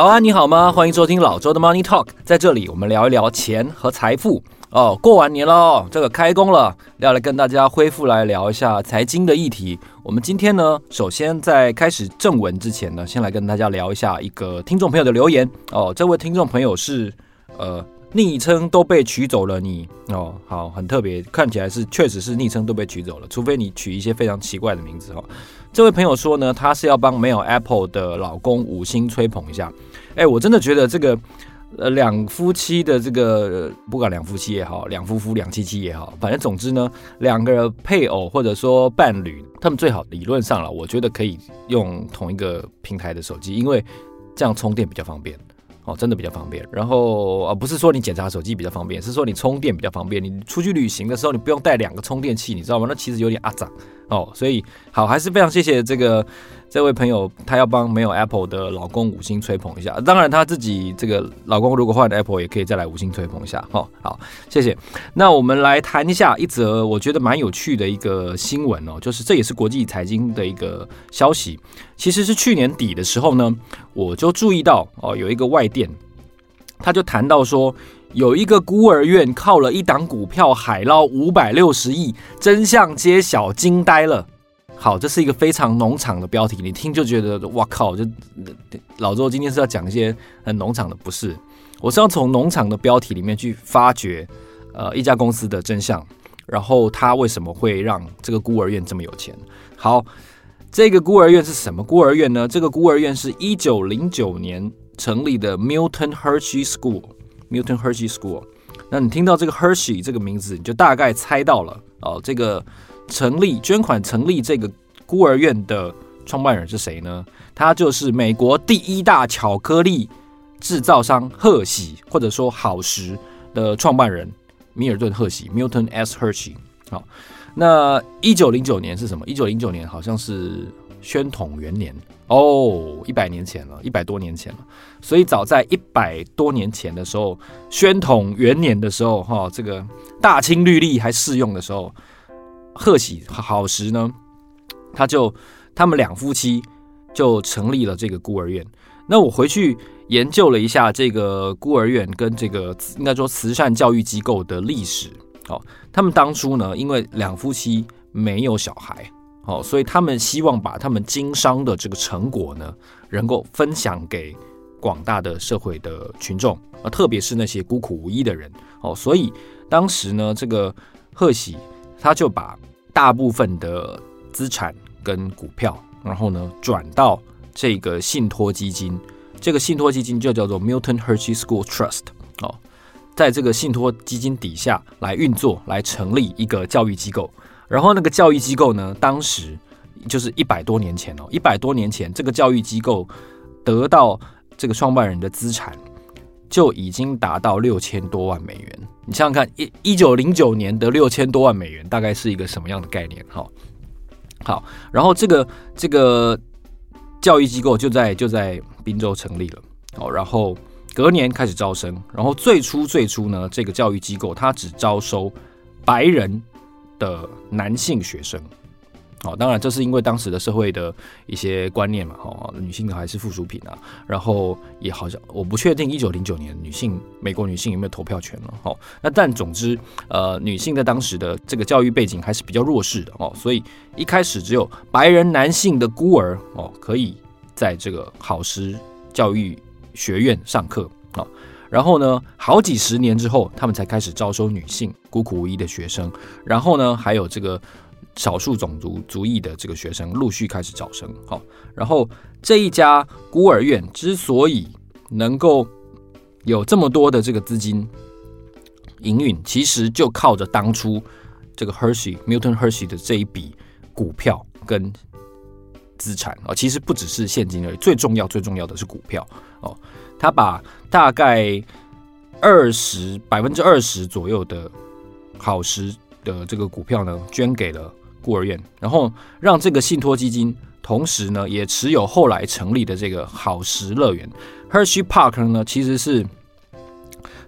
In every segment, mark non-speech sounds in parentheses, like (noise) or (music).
早安啊，你好嗎？歡迎收聽老周的 Money Talk，在這裡我們聊一聊錢和財富哦。過完年了，這個開工了，要來跟大家恢復來聊一下財經的議題。我們今天呢，首先在開始正文之前呢，先來跟大家聊一下一個聽眾朋友的留言哦。這位聽眾朋友是呃。昵稱都被取走了你，你哦，好，很特別，看起來是確實是昵稱都被取走了，除非你取一些非常奇怪的名字哈。這位朋友說呢，他是要幫沒有 Apple 的老公五星吹捧一下。哎，我真的覺得這個呃兩夫妻的這個不管兩夫妻也好，兩夫婦、兩夫妻，妻也好，反正總之呢，兩個人配偶或者說伴侶，他們最好理論上了，我覺得可以用同一個平台的手機，因為這樣充電比較方便。哦，真的比較方便。然後啊，不是說你檢查手機比較方便，是說你充電比較方便。你出去旅行的時候，你不用帶兩個充電器，你知道嗎？那其實有點阿雜哦。所以好，還是非常謝謝這個。這位朋友，他要幫沒有 Apple 的老公五星吹捧一下，當然他自己這個老公如果換了 Apple 也可以再來五星吹捧一下，哈，好，謝謝。那我們來談一下一則我覺得蠻有趣的一個新聞哦，就是這也是國際財經的一個消息，其實是去年底的時候呢，我就注意到哦，有一個外電，他就談到說，有一個孤兒院靠了一檔股票海撈五百六十億，真相揭曉，驚呆了。好，這是一個非常農場的標題，你聽就覺得哇靠！這老周今天是要講一些很農場的，不是？我是要從農場的標題裡面去發掘，呃，一家公司的真相，然後他為什麼會讓這個孤兒院這麼有錢？好，這個孤兒院是什麼孤兒院呢？這個孤兒院是一九零九年成立的 Milton Hershey School，Milton Hershey School。那你聽到這個 Hershey 這個名字，你就大概猜到了哦，這個。成立捐款成立這個孤兒院的創辦人是誰呢？他就是美國第一大巧克力製造商赫喜，或者說好時的創辦人米爾頓·赫喜 (music) （Milton S. Hershey）。那一九零九年是什麼？一九零九年好像是宣統元年哦，一百年前了，一百多年前了。所以早在一百多年前的時候，宣統元年的時候，哈，這個大清律例還適用的時候，賀喜好時呢，他就他們兩夫妻就成立了這個孤兒院。那我回去研究了一下這個孤兒院跟這個應該說慈善教育機構的歷史。哦，他們當初呢，因為兩夫妻沒有小孩，哦，所以他們希望把他們經商的這個成果呢，能夠分享給廣大的社會的群眾啊，特別是那些孤苦無依的人。哦，所以當時呢，這個賀喜他就把大部分的資產跟股票，然後呢，轉到這個信託基金，這個信託基金就叫做 Milton Hershey School Trust 哦，在這個信託基金底下來運作，來成立一個教育機構。然後那個教育機構呢，當時就是一百多年前哦，一百多年前這個教育機構得到這個創辦人的資產。就已經達到六千多萬美元。你想想看，一一九零九年的六千多萬美元大概是一個什麼樣的概念？哈、哦，好。然後這個這個教育機構就在就在賓州成立了。好，然後隔年開始招生。然後最初最初呢，這個教育機構它只招收白人的男性學生。哦，當然，這是因為當時的社會的一些觀念嘛，哈、哦，女性還是附屬品啊。然後也好像我不確定一九零九年女性美國女性有沒有投票權了，哈、哦。那但總之，呃，女性在當時的這個教育背景還是比較弱勢的哦。所以一開始只有白人男性的孤兒哦可以在這個好時教育學院上課啊、哦。然後呢，好幾十年之後，他們才開始招收女性孤苦無依的學生。然後呢，還有這個。少數種族族裔的這個學生陸續開始招生，哦，然後這一家孤兒院之所以能夠有這麼多的這個資金營運，其實就靠着當初這個 Hershey Milton Hershey 的這一筆股票跟資產啊，其實不只是現金而已，最重要最重要的是股票哦，他把大概二十百分之二十左右的好時的這個股票呢捐給了。孤兒院，然後讓這個信託基金同時呢，也持有後來成立的這個好時樂園，Hershey Park 呢，其實是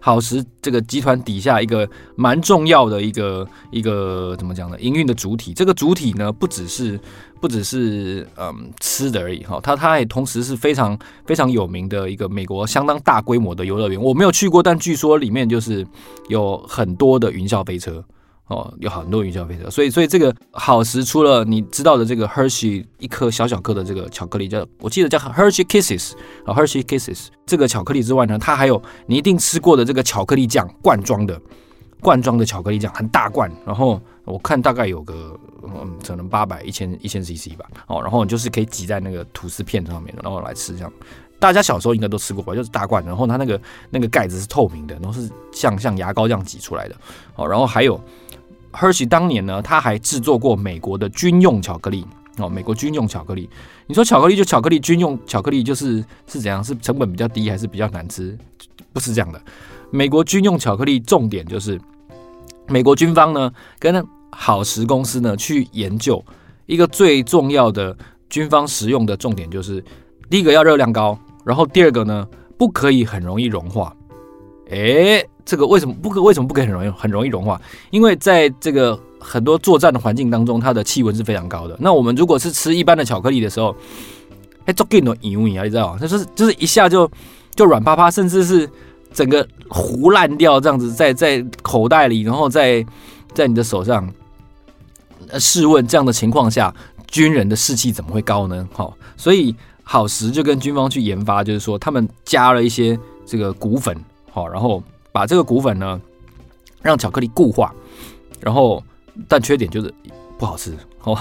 好時這個集團底下一個蠻重要的一個一個怎麼講呢？營運的主體，這個主體呢，不只是不只是嗯吃的而已哈，它它也同時是非常非常有名的一個美國相當大規模的遊樂園，我沒有去過，但據說裡面就是有很多的雲霄飛車。哦，有很多營銷方式，所以所以這個好時除了你知道的這個 Hershey 一顆小小顆的這個巧克力叫，我記得叫 Hershey Kisses，啊、oh, Hershey Kisses 這個巧克力之外呢，它還有你一定吃過的這個巧克力醬罐裝的，罐裝的巧克力醬很大罐，然後我看大概有個嗯可能八百一千一千 cc 吧，哦然後你就是可以擠在那個吐司片上面，然後來吃這樣，大家小時候應該都吃過吧，就是大罐，然後它那個那個蓋子是透明的，然後是像像牙膏這樣擠出來的，哦，然後還有。Hershey 當年呢，他還製作過美國的軍用巧克力哦，美國軍用巧克力。你說巧克力就巧克力，軍用巧克力就是是怎樣？是成本比較低，還是比較難吃？不是這樣的。美國軍用巧克力重點就是，美國軍方呢跟好時公司呢去研究一個最重要的軍方食用的重點就是：第一個要熱量高，然後第二個呢不可以很容易融化。誒、欸，這個為什麼不為什麼不可以很容易很容易融化？因為在這個很多作戰的環境當中，它的氣溫是非常高的。那我們如果是吃一般的巧克力的時候，哎、欸，這給你硬硬啊，你知道嗎？就是就是一下就就軟趴趴，甚至是整個糊爛掉這樣子，在在口袋裡，然後在在你的手上。試問這樣的情況下，軍人的士氣怎麼會高呢？哈、哦，所以好時就跟軍方去研發，就是說他們加了一些這個骨粉。好，然後把這個穀粉呢，讓巧克力固化，然後但缺點就是不好吃，哦，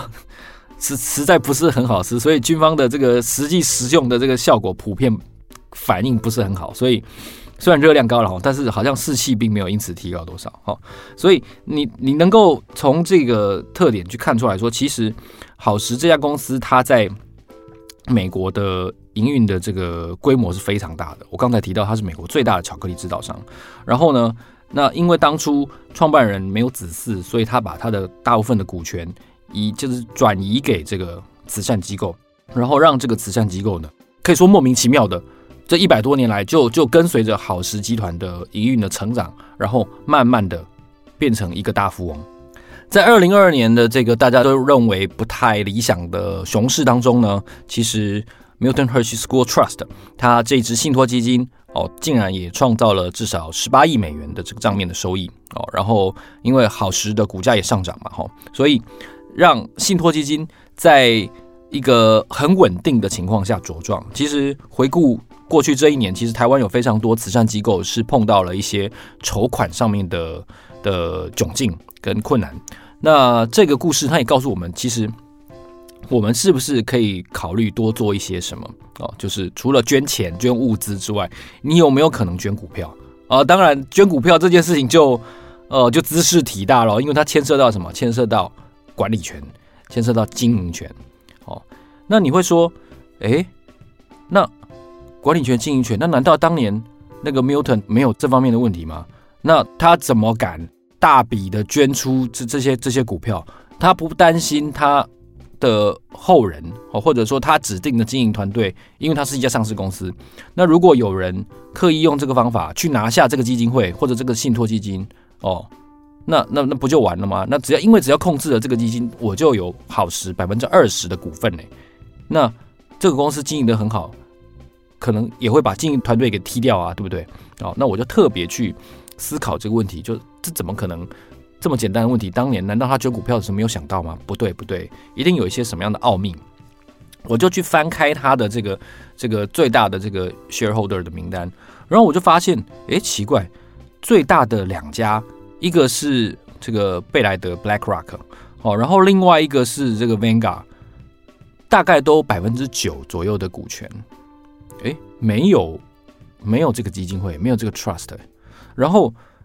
實實在不是很好吃，所以軍方的這個實際使用的這個效果普遍反應不是很好，所以雖然熱量高了，但是好像士氣並沒有因此提高多少，哈、哦，所以你你能夠從這個特點去看出來說，其實好時這家公司它在美國的。營運的這個規模是非常大的。我剛才提到，它是美國最大的巧克力制造商。然後呢，那因為當初創辦人沒有子嗣，所以他把他的大部分的股權以就是轉移給這個慈善機構，然後讓這個慈善機構呢，可以說莫名其妙的這一百多年來就，就就跟隨着好時集團的營運的成長，然後慢慢的變成一個大富翁。在二零二二年的這個大家都認為不太理想的熊市當中呢，其實。Milton Hershey School Trust，它這一支信托基金哦，竟然也創造了至少十八億美元的這個賬面的收益哦。然後因為好時的股價也上漲嘛，吼、哦，所以讓信托基金在一個很穩定的情況下茁壯。其實回顧過去這一年，其實台灣有非常多慈善機構是碰到了一些籌款上面的的窘境跟困難。那這個故事它也告訴我們，其實。我們是不是可以考慮多做一些什麼哦，就是除了捐錢、捐物資之外，你有沒有可能捐股票哦、呃，當然，捐股票這件事情就呃就茲事體大了，因為它牽涉到什麼？牽涉到管理權，牽涉到經營權。哦，那你會說，誒、欸、那管理權、經營權，那難道當年那個 Milton 沒有這方面的問題嗎？那他怎麼敢大筆的捐出這這些這些股票？他不擔心他的後人哦，或者說他指定的經營團隊，因為他是一家上市公司，那如果有人刻意用這個方法去拿下這個基金會或者這個信託基金哦，那那那不就完了嗎？那只要因為只要控制了這個基金，我就有好時百分之二十的股份呢。那這個公司經營得很好，可能也會把經營團隊給踢掉啊，對不對？哦，那我就特別去思考這個問題，就這怎麼可能？這麼簡單的問題，當年難道他捐股票的時候沒有想到嗎？不對，不對，一定有一些什麼樣的奧秘。我就去翻開他的這個這個最大的這個 shareholder 的名單，然後我就發現，哎，奇怪，最大的兩家，一個是這個貝萊德 BlackRock，哦，然後另外一個是這個 Vanguard，大概都百分之九左右的股權，誒，沒有，沒有這個基金會，沒有這個 trust，然後。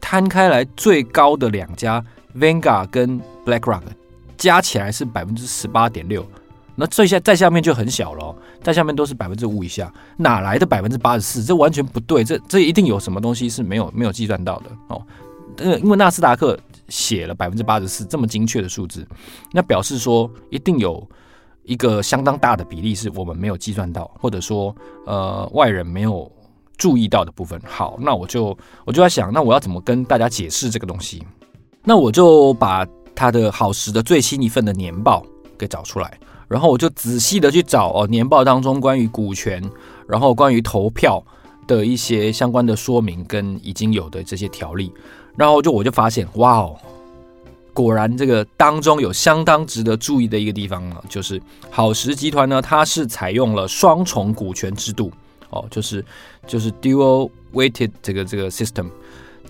攤開來最高的兩家，Vanguard 跟 BlackRock 加起來是百分之十八點六。那最下在下面就很小了，哦，在下面都是百分之五以下，哪來的百分之八十四？這完全不對，這這一定有什麼東西是沒有沒有計算到的哦、呃，因為納斯達克寫了百分之八十四這麼精確的數字，那表示說一定有一個相當大的比例是我們沒有計算到，或者說呃外人沒有。注意到的部分，好，那我就我就在想，那我要怎麼跟大家解釋這個東西？那我就把他的好時的最新一份的年報給找出來，然後我就仔細的去找哦年報當中關於股權，然後關於投票的一些相關的說明跟已經有的這些條例，然後就我就發現，哇哦，果然這個當中有相當值得注意的一個地方呢，就是好時集團呢，它是採用了雙重股權制度。哦，就是就是 dual weighted 這個這個 system，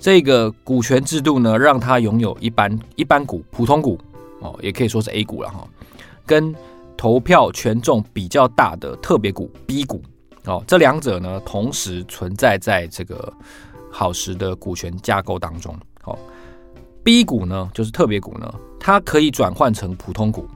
這個股權制度呢，讓它擁有一般一般股普通股哦，也可以說是 A 股了哈，哦，跟投票權重比較大的特別股 B 股哦，這兩者呢同時存在在這個好時的股權架構當中。哦 B 股呢就是特別股呢，它可以轉換成普通股，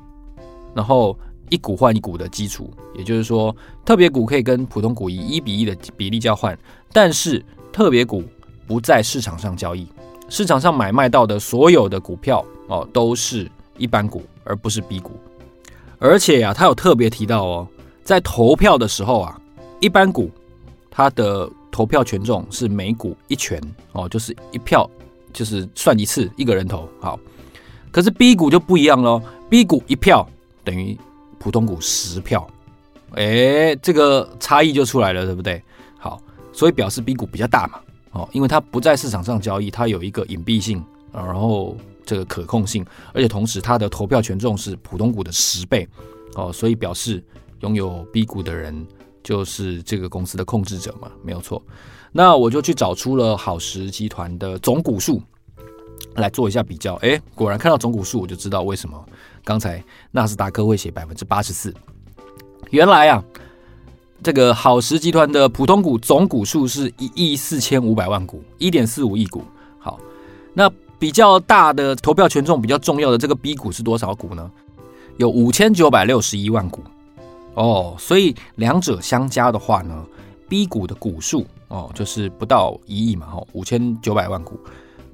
然後。一股換一股的基礎，也就是說，特別股可以跟普通股以一比一的比例交換，但是特別股不在市場上交易，市場上買賣到的所有的股票哦，都是一般股，而不是 B 股。而且啊，他有特別提到哦，在投票的時候啊，一般股它的投票權重是每股一權哦，就是一票，就是算一次，一個人投好。可是 B 股就不一樣嘍，B 股一票等於，普通股十票，哎，這個差異就出來了，對不對？好，所以表示 B 股比較大嘛，哦，因為它不在市場上交易，它有一個隱蔽性，然後這個可控性，而且同時它的投票權重是普通股的十倍，哦，所以表示擁有 B 股的人就是這個公司的控制者嘛，沒有錯。那我就去找出了好時集團的總股數來做一下比較，哎，果然看到總股數，我就知道為什麼。剛才納斯達克會寫百分之八十四。原來啊，這個好時集團的普通股總股數是一億四千五百萬股，一點四五億股。好，那比較大的投票權重比較重要的這個 B 股是多少股呢？有五千九百六十一萬股。哦，所以兩者相加的話呢，B 股的股數哦，就是不到一億嘛，哦，五千九百萬股，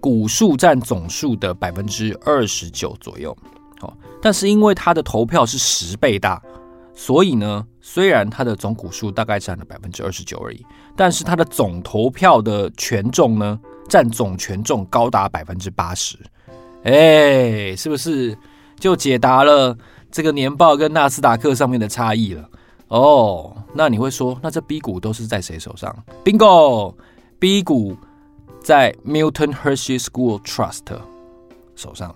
股數占總數的百分之二十九左右。但是因為它的投票是十倍大，所以呢，雖然它的總股數大概占了百分之二十九而已，但是它的總投票的權重呢，占總權重高達百分之八十。哎，是不是就解答了這個年報跟納斯達克上面的差異了？哦，那你會說，那這 B 股都是在誰手上？Bingo，B 股在 Milton Hershey School Trust 手上。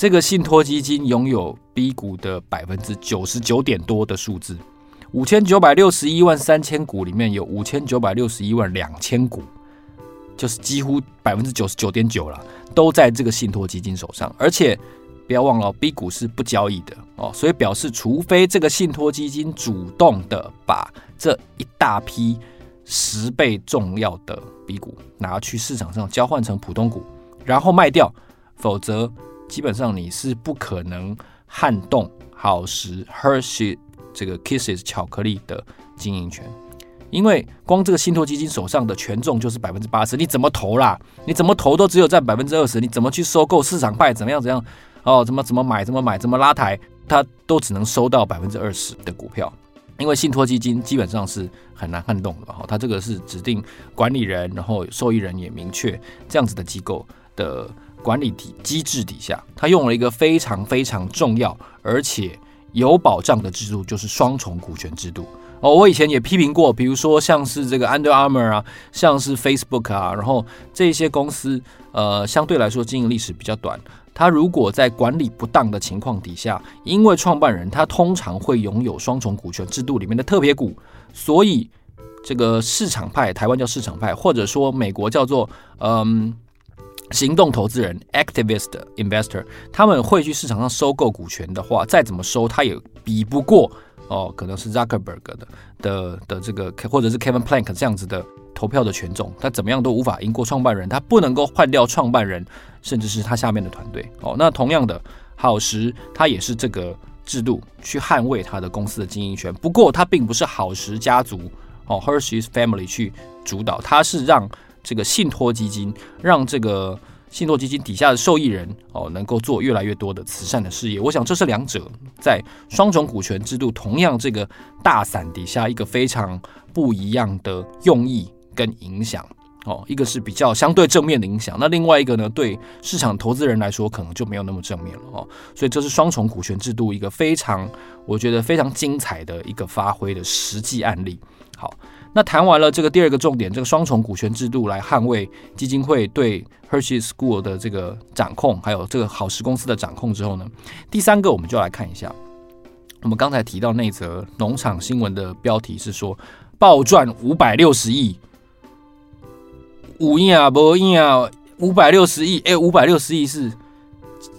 這個信託基金擁有 B 股的百分之九十九點多的數字，五千九百六十一萬三千股裡面有五千九百六十一萬兩千股，就是幾乎百分之九十九點九了，都在這個信托基金手上。而且不要忘了，B 股是不交易的哦，所以表示除非這個信托基金主動的把這一大批十倍重要的 B 股拿去市場上交換成普通股，然後賣掉，否則。基本上你是不可能撼動好時 Hershey (music) 這個 Kisses 巧克力的經營權，因為光這個信托基金手上的權重就是百分之八十，你怎麼投啦？你怎麼投都只有在百分之二十，你怎麼去收購市場派？怎麼樣怎樣？哦，怎麼怎麼買？怎麼買？怎麼拉抬？它都只能收到百分之二十的股票，因為信托基金基本上是很難撼動的。好，它這個是指定管理人，然後受益人也明確，這樣子的機構的。管理底機制底下，他用了一個非常非常重要而且有保障的制度，就是雙重股權制度。哦，我以前也批評過，比如說像是這個 Under Armour 啊，像是 Facebook 啊，然後這些公司，呃，相對來說經營歷史比較短，他如果在管理不當的情況底下，因為創辦人他通常會擁有雙重股權制度裡面的特別股，所以這個市場派，台灣叫市場派，或者說美國叫做嗯。呃行動投資人 （activist investor） 他們會去市場上收購股權的話，再怎麼收，他也比不過哦，可能是 Zuckerberg 的的的這個，或者是 Kevin Plank 這樣子的投票的權重，他怎麼樣都無法贏過創辦人，他不能夠換掉創辦人，甚至是他下面的團隊。哦，那同樣的，好時他也是這個制度去捍衛他的公司的經營權，不過他並不是好時家族哦 Hershey's family 去主導，他是讓。這個信托基金，讓這個信托基金底下的受益人哦，能夠做越來越多的慈善的事業。我想這是兩者在雙重股權制度同樣這個大傘底下一個非常不一樣的用意跟影響哦。一個是比較相對正面的影響，那另外一個呢，對市場投資人來說可能就沒有那麼正面了哦。所以這是雙重股權制度一個非常我覺得非常精彩的一個發揮的實際案例。好。那談完了這個第二個重點，這個雙重股權制度來捍衛基金會對 Hershey School 的這個掌控，還有這個好時公司的掌控之後呢，第三個我們就來看一下，我們剛才提到那則農場新聞的標題是說暴賺五百六十億，五億啊，不億啊，五百六十億，哎、欸，五百六十億是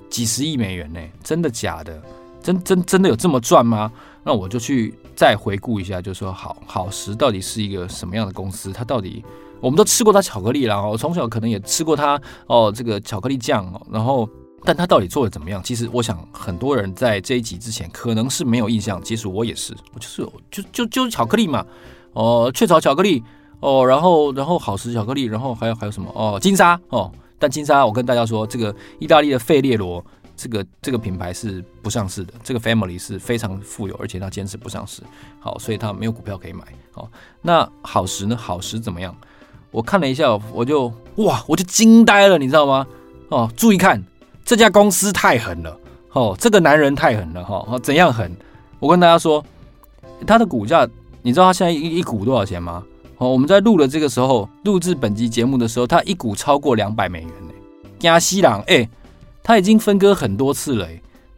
幾十億美元呢、欸？真的假的？真真真的有這麼賺嗎？那我就去再回顧一下，就是說好好時到底是一個什麼樣的公司？它到底我們都吃過它巧克力了，我從小可能也吃過它哦，這個巧克力醬哦，然後但它到底做的怎麼樣？其實我想很多人在這一集之前可能是沒有印象，其實我也是，我就是就就就是巧克力嘛，哦雀巢巧克力哦，然後然後好時巧克力，然後還有還有什麼哦金莎哦，但金莎我跟大家說，這個意大利的費列羅。這個這個品牌是不上市的，這個 family 是非常富有，而且他堅持不上市，好，所以他沒有股票可以買，好，那好時呢？好時怎麼樣？我看了一下，我就哇，我就驚呆了，你知道嗎？哦，注意看，這家公司太狠了，哦，這個男人太狠了，哈、哦，怎樣狠？我跟大家說，他的股價，你知道他現在一一股多少錢嗎？哦，我們在錄的這個時候，錄制本集節目的時候，他一股超過兩百美元呢、欸，加西朗，欸它已經分割很多次了，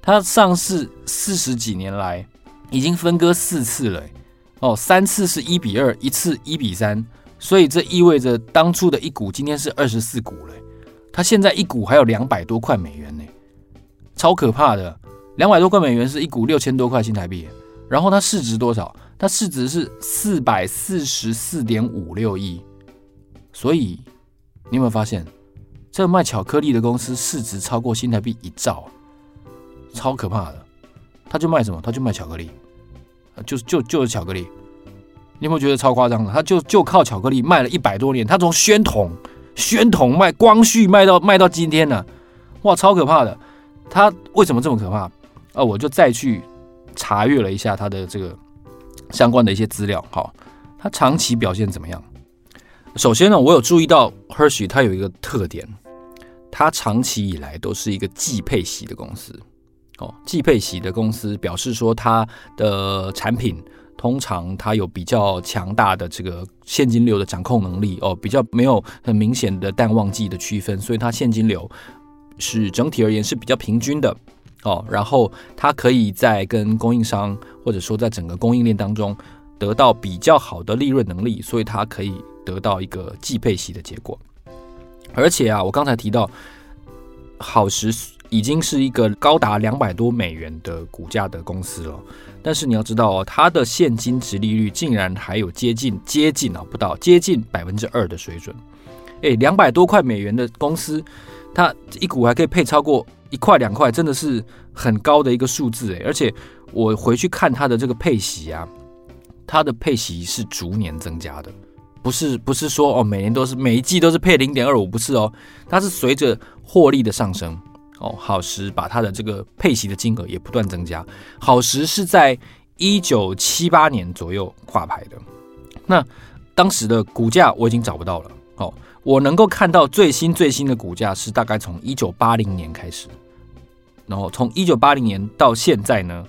它上市四十幾年來已經分割四次了，哦，三次是一比二，一次一比三，所以這意味着當初的一股今天是二十四股了，它現在一股還有兩百多塊美元呢，超可怕的，兩百多塊美元是一股六千多塊新台幣，然後它市值多少？它市值是四百四十四點五六億，所以你有沒有發現？這個賣巧克力的公司市值超過新台幣一兆，超可怕的，他就賣什麼他就賣巧克力，就是就就是巧克力，你有沒有覺得超誇張的？他就就靠巧克力賣了一百多年，他從宣統宣統賣光緒賣到賣到今天呢，啊，哇，超可怕的，他為什麼這麼可怕？啊，我就再去查閱了一下他的這個相關的一些資料，哈，他長期表現怎麼樣？首先呢，我有注意到 Hershey 它有一個特點。它長期以來都是一個季配息的公司，哦，季配息的公司表示說，它的產品通常它有比較強大的這個現金流的掌控能力，哦，比較沒有很明顯的淡旺季的區分，所以它現金流是整體而言是比較平均的，哦，然後它可以在跟供應商或者說在整個供應鏈當中得到比較好的利潤能力，所以它可以得到一個季配息的結果。而且啊，我剛才提到，好時已經是一個高達兩百多美元的股價的公司了。但是你要知道哦，它的現金殖利率竟然還有接近接近啊、哦，不到接近百分之二的水準。哎、欸，兩百多塊美元的公司，它一股還可以配超過一塊兩塊，真的是很高的一個數字誒，而且我回去看它的這個配息啊，它的配息是逐年增加的。不是不是說哦，每年都是每一季都是配零點二五，不是哦，它是隨着獲利的上升哦，好時把它的這個配息的金額也不斷增加。好時是在一九七八年左右掛牌的，那當時的股價我已經找不到了哦，我能夠看到最新最新的股價是大概從一九八零年開始，然後從一九八零年到現在呢，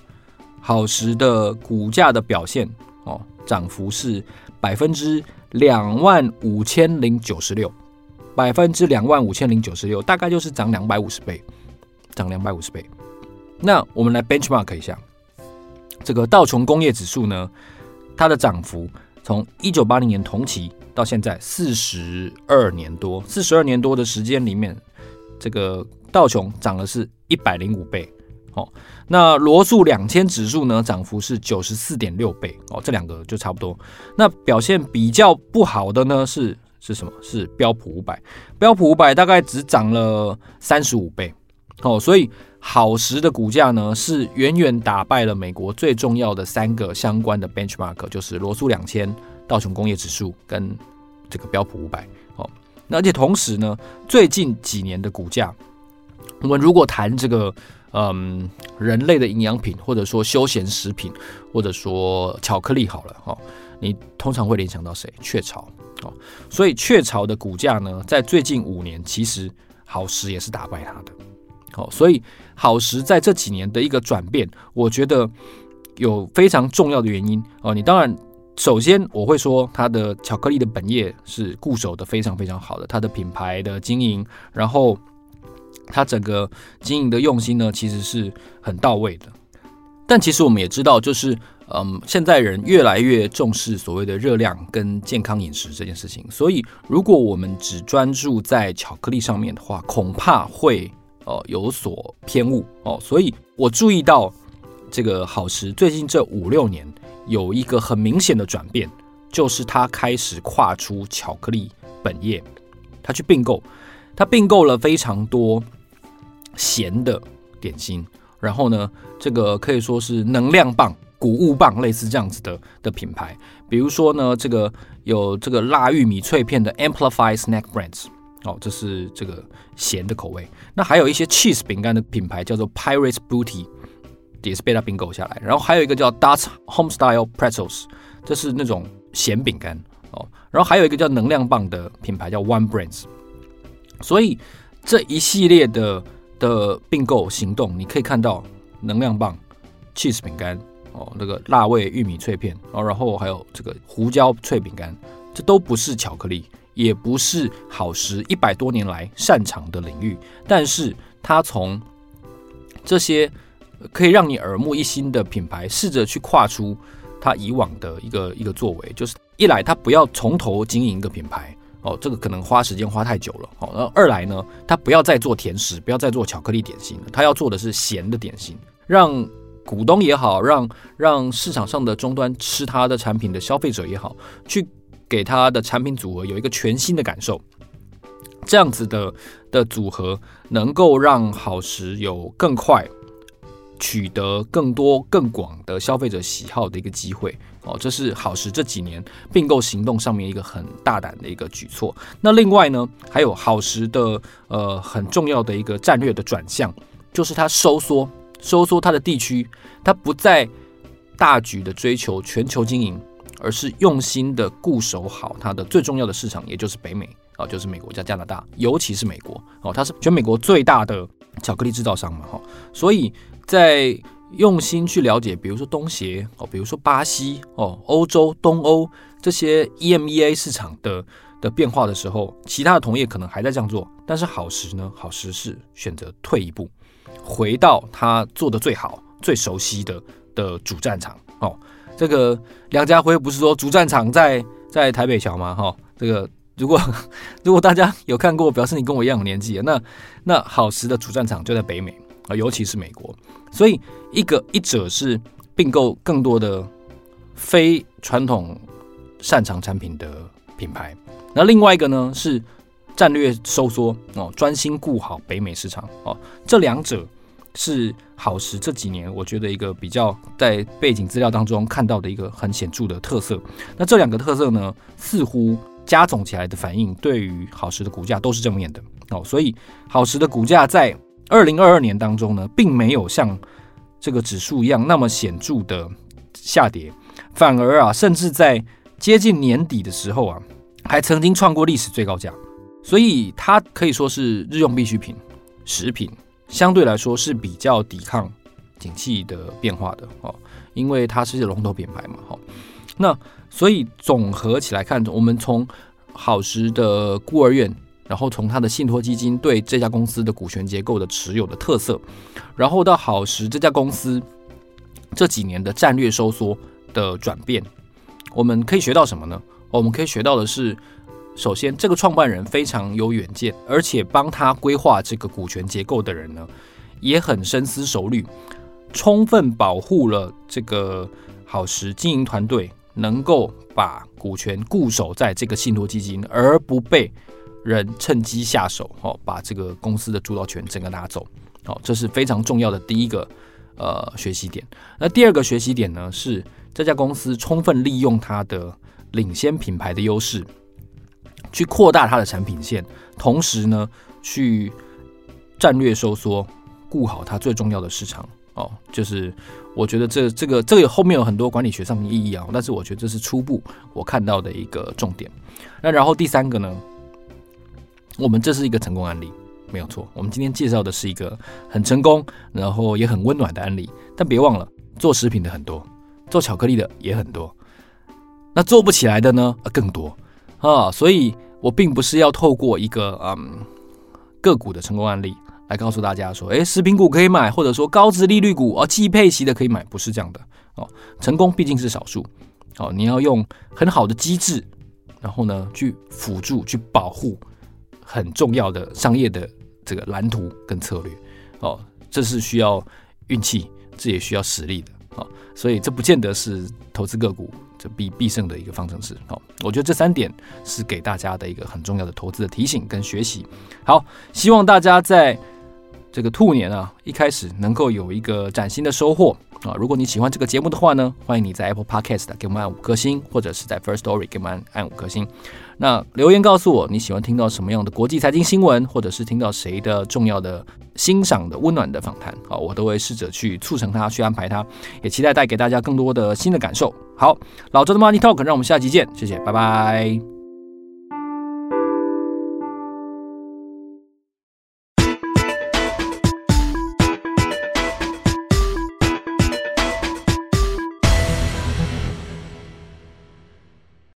好時的股價的表現哦，漲幅是。百分之兩萬五千零九十六，百分之兩萬五千零九十六，大概就是漲兩百五十倍，漲兩百五十倍。那我們來 benchmark 一下，這個道瓊工業指數呢，它的漲幅從一九八零年同期到現在四十二年多，四十二年多的時間裡面，這個道瓊漲了是一百零五倍。哦，那羅素兩千指數呢，漲幅是九十四點六倍哦，這兩個就差不多。那表現比較不好的呢是是什麼？是標普五百，標普五百大概只漲了三十五倍。哦，所以好時的股價呢是遠遠打敗了美國最重要的三個相關的 benchmark，就是羅素兩千、道瓊工業指數跟這個標普五百。哦，那而且同時呢，最近幾年的股價，我們如果談這個。嗯，人類的營養品，或者說休閒食品，或者說巧克力，好了哈，哦，你通常會聯想到誰？雀巢，哦，所以雀巢的股價呢，在最近五年，其實好時也是打敗它的，哦，所以好時在這幾年的一個轉變，我覺得有非常重要的原因哦。你當然，首先我會說，它的巧克力的本業是固守的非常非常好的，它的品牌的經營，然後。它整個經營的用心呢，其實是很到位的。但其實我們也知道，就是嗯，現在人越來越重視所謂的熱量跟健康飲食這件事情。所以，如果我們只專注在巧克力上面的話，恐怕會呃有所偏誤哦。所以我注意到這個好時最近這五六年有一個很明顯的轉變，就是他開始跨出巧克力本業，他去併購，他併購了非常多。鹹的點心，然後呢，這個可以說是能量棒、穀物棒，類似這樣子的的品牌，比如說呢，這個有這個辣玉米脆片的 Amplify Snack Brands，哦，這是這個鹹的口味。那還有一些 cheese 餅乾的品牌叫做 Pirate's Booty，也是被他併購下來。然後還有一個叫 Dutch Homestyle Pretzels，這是那種鹹餅乾哦。然後還有一個叫能量棒的品牌叫 One Brands，所以這一系列的。的併購行動，你可以看到能量棒、cheese 餅乾哦，那個辣味玉米脆片哦，然後還有這個胡椒脆餅乾，這都不是巧克力，也不是好時一百多年來擅長的領域。但是，它從這些可以讓你耳目一新的品牌，試着去跨出它以往的一個一個作為，就是一來它不要從頭經營一個品牌。哦，這個可能花時間花太久了。好，哦，那二來呢，他不要再做甜食，不要再做巧克力點心了。他要做的是鹹的點心，讓股東也好，讓讓市場上的終端吃他的產品的消費者也好，去給他的產品組合有一個全新的感受。這樣子的的組合能夠讓好時有更快取得更多更廣的消費者喜好的一個機會哦，這是好時這幾年併購行動上面一個很大膽的一個舉措。那另外呢，還有好時的呃很重要的一個戰略的轉向，就是它收縮收縮它的地區，它不再大舉的追求全球經營，而是用心的固守好它的最重要的市場，也就是北美啊，就是美國加加拿大，尤其是美國哦，它是全美國最大的巧克力制造商嘛哈，所以。在用心去了解，比如說東協哦，比如說巴西哦，歐洲、東歐這些 EMEA 市場的的變化的時候，其他的同業可能還在這樣做，但是好時呢，好時是選擇退一步，回到他做的最好、最熟悉的的主戰場哦。這個梁家輝不是說主戰場在在台北橋嗎？哈、哦，這個如果如果大家有看過，表示你跟我一樣的年紀，那那好時的主戰場就在北美。啊，尤其是美國，所以一個一者是併購更多的非傳統擅長產品的品牌，那另外一個呢，是戰略收縮哦，專心顧好北美市場哦，這兩者是好時這幾年我覺得一個比較在背景資料當中看到的一個很顯著的特色。那這兩個特色呢，似乎加總起來的反應對於好時的股價都是正面的哦，所以好時的股價在。二零二二年當中呢，並沒有像這個指數一樣那麼顯著的下跌，反而啊，甚至在接近年底的時候啊，還曾經創過歷史最高價。所以它可以說是日用必需品、食品，相對來說是比較抵抗景氣的變化的哦，因為它是龍頭品牌嘛。好，哦，那所以總合起來看，我們從好時的孤兒院。然後從他的信託基金對這家公司的股權結構的持有的特色，然後到好時這家公司這幾年的戰略收縮的轉變，我們可以學到什麼呢？我們可以學到的是，首先這個創辦人非常有遠見，而且幫他規劃這個股權結構的人呢，也很深思熟慮，充分保護了這個好時經營團隊能夠把股權固守在這個信託基金，而不被。人趁機下手，哦，把這個公司的主導權整個拿走，好、哦，這是非常重要的第一個呃學習點。那第二個學習點呢，是這家公司充分利用它的領先品牌的優勢，去擴大它的產品線，同時呢，去戰略收縮，顧好它最重要的市場。哦，就是我覺得這這個這個後面有很多管理學上的意義啊、哦，但是我覺得這是初步我看到的一個重點。那然後第三個呢？我們這是一個成功案例，沒有錯。我們今天介紹的是一個很成功，然後也很溫暖的案例。但別忘了，做食品的很多，做巧克力的也很多。那做不起來的呢，啊、更多啊。所以我並不是要透過一個嗯個股的成功案例來告訴大家說，哎，食品股可以買，或者說高殖利率股啊，季配息的可以買，不是這樣的哦、啊。成功畢竟是少數哦、啊。你要用很好的機制，然後呢，去輔助，去保護。很重要的商業的這個藍圖跟策略哦，這是需要運氣，這也需要實力的哦。所以這不見得是投資個股這必必勝的一個方程式哦。我覺得這三點是給大家的一個很重要的投資的提醒跟學習。好，希望大家在這個兔年啊一開始能夠有一個嶄新的收穫啊，哦！如果你喜歡這個節目的話呢，歡迎你在 Apple Podcast 給我們按五顆星，或者是在 First Story 給我們按五顆星。那留言告訴我你喜歡聽到什麼樣的國際財經新聞，或者是聽到誰的重要的、欣賞的、溫暖的訪談好，我都會試着去促成它，去安排它，也期待帶給大家更多的新的感受。好，老周的 Money Talk，讓我們下期見，謝謝，拜拜。